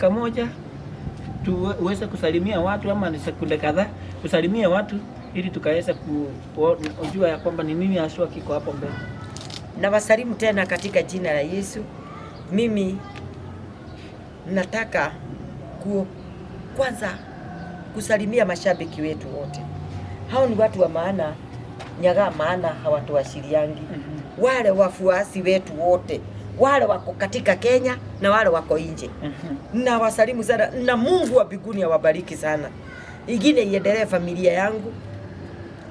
dakika moja tuweze kusalimia watu ama sekunde kadhaa kusalimia watu ili tukaweza kujua ya kwamba ni nini haswa kiko hapo mbele. Na wasalimu tena katika jina la Yesu. Mimi nataka ku, kwanza kusalimia mashabiki wetu wote. Hao ni watu wa maana nyaga maana hawatuashiriangi. mm -hmm. Wale wafuasi wetu wote wale wako katika Kenya na wale wako nje. mm -hmm. Na wasalimu sana na Mungu wa biguni awabariki sana, ingine iendelee familia yangu,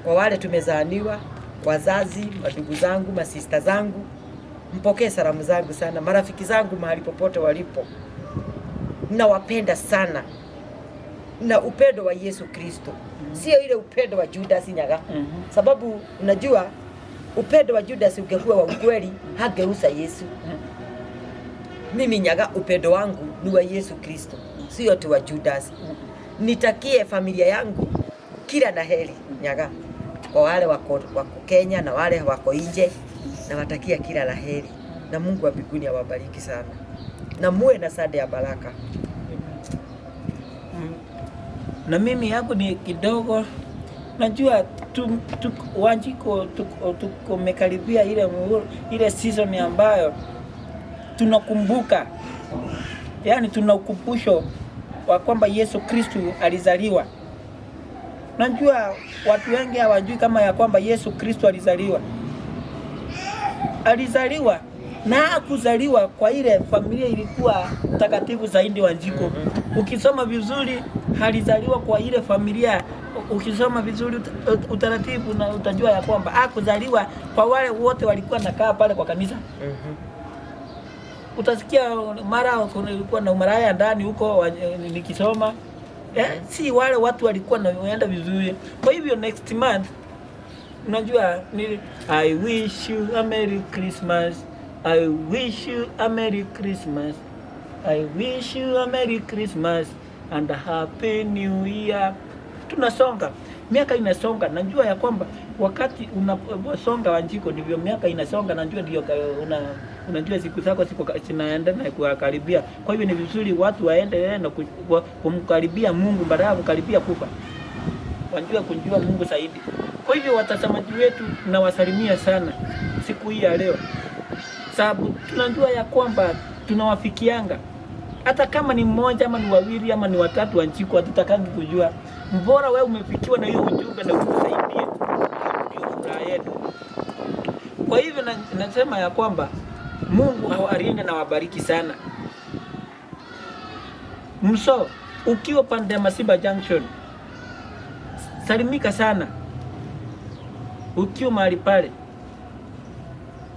kwa wale tumezaaniwa, wazazi, madugu zangu, masista zangu, mpokee salamu zangu sana, marafiki zangu mahali popote walipo, nawapenda sana na upendo wa Yesu Kristo, mm -hmm. sio ile upendo wa Judas Nyaga. mm -hmm. Sababu unajua upendo wa Judas ungekuwa wa ukweli hangeuza Yesu. Mimi Nyaga, upendo wangu ni wa Yesu Kristo, sio tu wa Judas. Nitakie familia yangu kila na heri Nyaga, kwa wale wako, wako Kenya na wale wako nje, nawatakia kila la heri na Mungu wa mbinguni awabariki sana na muwe na sade ya baraka. Na mimi yangu ni kidogo, najua tu, tu, Wanjiko tumekaribia ile, ile season ambayo tunakumbuka, yaani tuna ukumbusho wa kwamba Yesu Kristu alizaliwa. Najua watu wengi hawajui kama ya kwamba Yesu Kristu alizaliwa, alizaliwa na kuzaliwa kwa ile familia ilikuwa takatifu zaidi. Wanjiko, mhm. ukisoma vizuri, alizaliwa kwa ile familia ukisoma vizuri utaratibu na utajua ya kwamba ah, kuzaliwa kwa wale wote walikuwa nakaa pale kwa kanisa mhm. Utasikia mara kulikuwa na umaraya ndani huko nikisoma eh, mhm. si wale watu walikuwa naenda vizuri. Kwa hivyo next month unajua ni I wish you a Merry Christmas I wish you a Merry Christmas I wish you a Merry Christmas and a Happy New Year tunasonga, miaka inasonga. Najua ya kwamba wakati unaposonga Wanjiko, ndivyo miaka inasonga. Najua ndio una, unajua siku zako zinaenda na kuwakaribia. Kwa hivyo ni vizuri watu waende eh, na kumkaribia Mungu badala ya kukaribia kufa, wajue kunjua Mungu zaidi. Kwa hivyo watazamaji wetu, nawasalimia sana siku hii ya leo, sababu tunajua ya kwamba tunawafikianga hata kama ni mmoja ama ni wawili ama ni watatu, Wanjiko hatutakangi kujua Mbora wewe umefikiwa na hiyo ujumbe na utusaidie, ndio furaha yetu. Kwa hivyo na, nasema ya kwamba Mungu awalinde na wabariki sana. Mso ukiwa pande ya Masiba Junction, salimika sana. Ukiwa mahali pale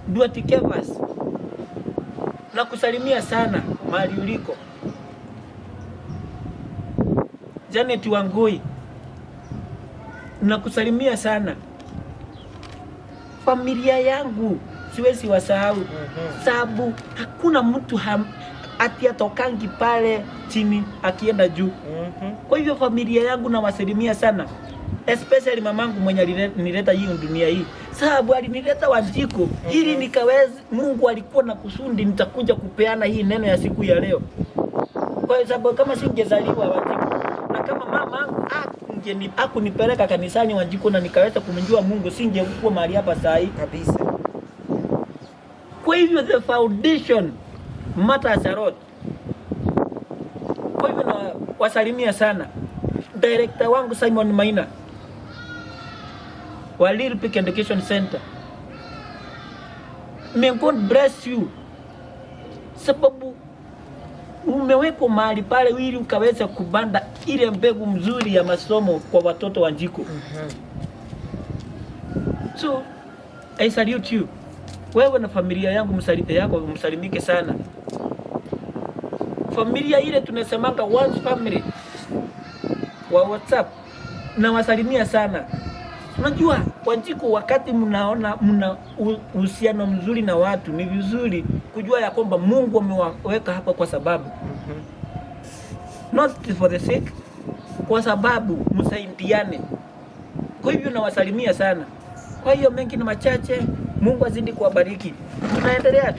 Duatikevas na kusalimia sana mahali uliko. Janet Wangui, nakusalimia sana familia yangu siwezi wasahau mm -hmm. Sabu hakuna mtu ham, ati atokangi pale chini akienda juu mm -hmm. Kwa hivyo familia yangu nawasalimia sana, especially mamangu mwenye alinileta hii dunia hii, sababu alinileta Wanjiko mm -hmm. ili nikaweze, Mungu alikuwa na kusudi nitakuja kupeana hii neno ya siku ya leo, kwa sababu kama singezaliwa na kama mama akunipeleka kanisani Wanjiku na nikaweza kumjua Mungu, singekuwa mahali hapa saa hii kabisa. Kwa hivyo the foundation matters a lot. Kwa hivyo na wasalimia sana director wangu Simon Maina wa Little Peak Education Center. May God bless you, sababu umewekwa mahali pale ili ukaweza kubanda ile mbegu mzuri ya masomo kwa watoto wa Njiko. mm -hmm. So I salute you wewe na familia yangu, msalite yako msalimike sana familia ile tunasemanga one family wa WhatsApp na wasalimia sana. Unajua njiko wakati mnaona mna uhusiano mzuri na watu, ni vizuri kujua ya kwamba Mungu amewaweka hapa kwa sababu not for the sake, kwa sababu msaimbiane. Kwa hivyo nawasalimia sana. Kwa hiyo mengi ni machache. Mungu azidi kuwabariki. Tunaendelea.